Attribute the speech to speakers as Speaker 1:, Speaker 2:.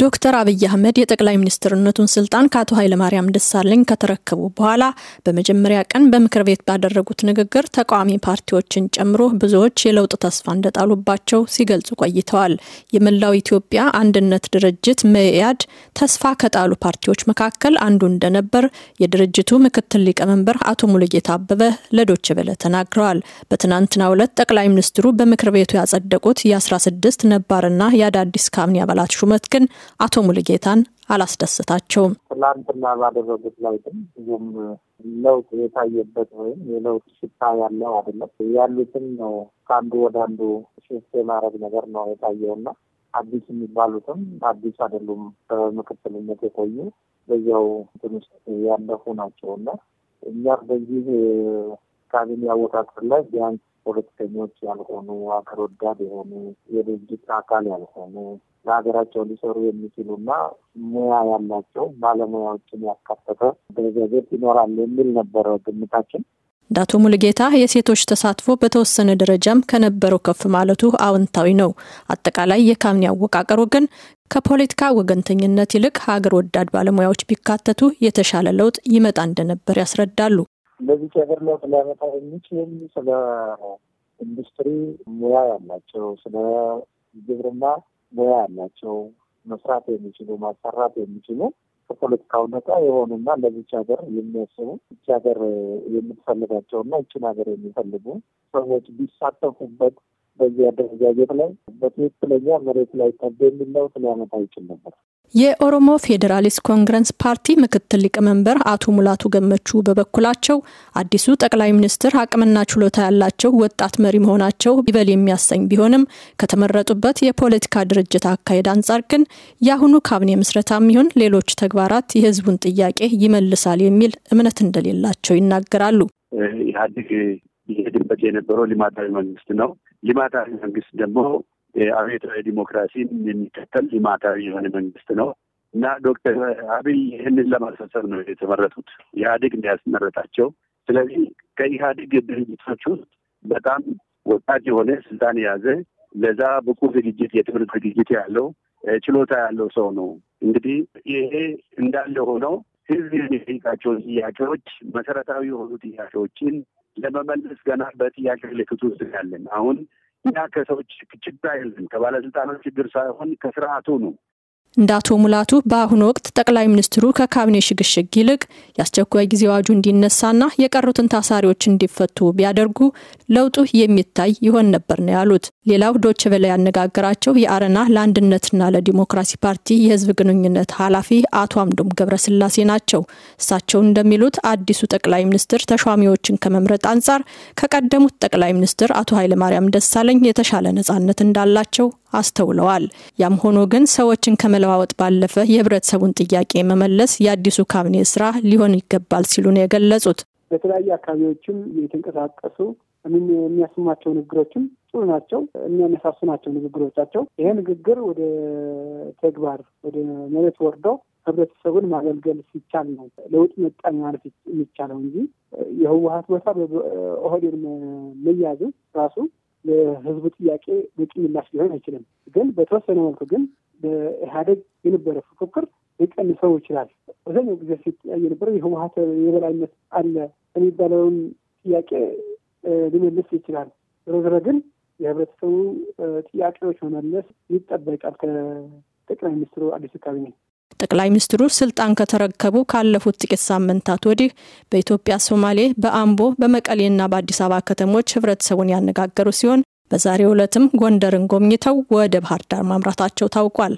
Speaker 1: ዶክተር አብይ አህመድ የጠቅላይ ሚኒስትርነቱን ስልጣን ከአቶ ኃይለማርያም ደሳለኝ ከተረከቡ በኋላ በመጀመሪያ ቀን በምክር ቤት ባደረጉት ንግግር ተቃዋሚ ፓርቲዎችን ጨምሮ ብዙዎች የለውጥ ተስፋ እንደጣሉባቸው ሲገልጹ ቆይተዋል። የመላው ኢትዮጵያ አንድነት ድርጅት መኢአድ ተስፋ ከጣሉ ፓርቲዎች መካከል አንዱ እንደነበር የድርጅቱ ምክትል ሊቀመንበር አቶ ሙሉጌታ አበበ ለዶች በለ ተናግረዋል። በትናንትናው ዕለት ጠቅላይ ሚኒስትሩ በምክር ቤቱ ያጸደቁት የ16 ነባርና የአዳዲስ ካቢኔ አባላት ሹመት ግን አቶ ሙሉጌታን አላስደስታቸውም
Speaker 2: ትላንትና ባደረጉት ላይ ግን ብዙም ለውጥ የታየበት ወይም የለውጥ ሽታ ያለው አይደለም። ያሉትን ነው ከአንዱ ወደ አንዱ ሽፍት የማድረግ ነገር ነው የታየውና አዲስ የሚባሉትም አዲስ አይደሉም። በምክትልነት የቆዩ በዚያው እንትን ውስጥ ያለፉ ናቸው እና እኛ በዚህ ካቢኔ አወቃቀር ላይ ቢያንስ ፖለቲከኞች ያልሆኑ ሀገር ወዳድ የሆኑ የድርጅት አካል ያልሆኑ ለሀገራቸው ሊሰሩ የሚችሉና ሙያ ያላቸው ባለሙያዎችን ያካተተ አደረጃጀት ይኖራል የሚል ነበረ ግምታችን።
Speaker 1: እንደ አቶ ሙሉጌታ የሴቶች ተሳትፎ በተወሰነ ደረጃም ከነበረው ከፍ ማለቱ አዎንታዊ ነው። አጠቃላይ የካቢኔ አወቃቀሩ ግን ከፖለቲካ ወገንተኝነት ይልቅ ሀገር ወዳድ ባለሙያዎች ቢካተቱ የተሻለ ለውጥ ይመጣ እንደነበር ያስረዳሉ።
Speaker 2: ለዚህ ሀገር ለውጥ ሊያመጣ የሚችል ስለ ኢንዱስትሪ ሙያ ያላቸው፣ ስለ ግብርና ሙያ ያላቸው መስራት የሚችሉ ማሰራት የሚችሉ ከፖለቲካው ነጻ የሆኑና ለዚች ሀገር የሚያስቡ ይች ሀገር የምትፈልጋቸውና ይችን ሀገር የሚፈልጉ ሰዎች ቢሳተፉበት በዚህ አደረጃጀት ላይ በትክክለኛ መሬት ላይ ጠብ የሚለው ሊያመጣ ይችል ነበር።
Speaker 1: የኦሮሞ ፌዴራሊስት ኮንግረስ ፓርቲ ምክትል ሊቀመንበር አቶ ሙላቱ ገመቹ በበኩላቸው አዲሱ ጠቅላይ ሚኒስትር አቅምና ችሎታ ያላቸው ወጣት መሪ መሆናቸው ይበል የሚያሰኝ ቢሆንም ከተመረጡበት የፖለቲካ ድርጅት አካሄድ አንጻር ግን የአሁኑ ካቢኔ ምስረታም ይሁን ሌሎች ተግባራት የሕዝቡን ጥያቄ ይመልሳል የሚል እምነት እንደሌላቸው ይናገራሉ።
Speaker 3: ኢህአዴግ ሊሄድበት የነበረው ልማታዊ መንግስት ነው። ልማታዊ መንግስት ደግሞ አብዮታዊ ዲሞክራሲን የሚከተል ልማታዊ የሆነ መንግስት ነው እና ዶክተር አብይ ይህንን ለማስፈጸም ነው የተመረጡት። ኢህአዴግ እንዲያስመረጣቸው። ስለዚህ ከኢህአዴግ ድርጅቶች ውስጥ በጣም ወጣት የሆነ ስልጣን የያዘ ለዛ ብቁ ዝግጅት፣ የትምህርት ዝግጅት ያለው ችሎታ ያለው ሰው ነው። እንግዲህ ይሄ እንዳለ ሆነው ህዝብ የሚጠይቃቸውን ጥያቄዎች መሰረታዊ የሆኑ ጥያቄዎችን ለመመለስ ገና በጥያቄ ምልክት ውስጥ ያለን አሁን ያ ከሰዎች ችግር አይደለም ከባለስልጣኖች ችግር ሳይሆን ከስርዓቱ ነው።
Speaker 1: እንደ አቶ ሙላቱ በአሁኑ ወቅት ጠቅላይ ሚኒስትሩ ከካቢኔ ሽግሽግ ይልቅ የአስቸኳይ ጊዜ አዋጁ እንዲነሳና የቀሩትን ታሳሪዎች እንዲፈቱ ቢያደርጉ ለውጡ የሚታይ ይሆን ነበር ነው ያሉት። ሌላው ዶች በላይ ያነጋገራቸው የአረና ለአንድነትና ለዲሞክራሲ ፓርቲ የህዝብ ግንኙነት ኃላፊ አቶ አምዶም ገብረስላሴ ናቸው። እሳቸው እንደሚሉት አዲሱ ጠቅላይ ሚኒስትር ተሿሚዎችን ከመምረጥ አንጻር ከቀደሙት ጠቅላይ ሚኒስትር አቶ ኃይለማርያም ደሳለኝ የተሻለ ነጻነት እንዳላቸው አስተውለዋል። ያም ሆኖ ግን ሰዎችን ከመለዋወጥ ባለፈ የህብረተሰቡን ጥያቄ መመለስ የአዲሱ ካቢኔ ስራ ሊሆን ይገባል ሲሉ ነው የገለጹት።
Speaker 4: በተለያዩ አካባቢዎችም የተንቀሳቀሱ የሚያስማቸው ንግግሮችም ጥሩ ናቸው፣ የሚያነሳሱ ናቸው ንግግሮቻቸው። ይሄ ንግግር ወደ ተግባር ወደ መሬት ወርዶ ህብረተሰቡን ማገልገል ሲቻል ነው ለውጥ መጣኝ ማለት የሚቻለው እንጂ የህወሀት ቦታ ኦህዴድ መያዙ ራሱ ለህዝቡ ጥያቄ በቂ ምላሽ ሊሆን አይችልም። ግን በተወሰነ መልኩ ግን በኢህአደግ የነበረ ፉክክር ሊቀንሰው ይችላል። አብዛኛው ጊዜ ሲጠያ የነበረው የህወሀት የበላይነት አለ የሚባለውን ጥያቄ ሊመልስ ይችላል። ዞሮ ግን የህብረተሰቡ ጥያቄዎች መመለስ ይጠበቃል ከጠቅላይ ሚኒስትሩ አዲሱ ካቢኔ
Speaker 1: ጠቅላይ ሚኒስትሩ ስልጣን ከተረከቡ ካለፉት ጥቂት ሳምንታት ወዲህ በኢትዮጵያ ሶማሌ፣ በአምቦ፣ በመቀሌና በአዲስ አበባ ከተሞች ህብረተሰቡን ያነጋገሩ ሲሆን በዛሬው ዕለትም ጎንደርን ጎብኝተው ወደ ባህር ዳር ማምራታቸው ታውቋል።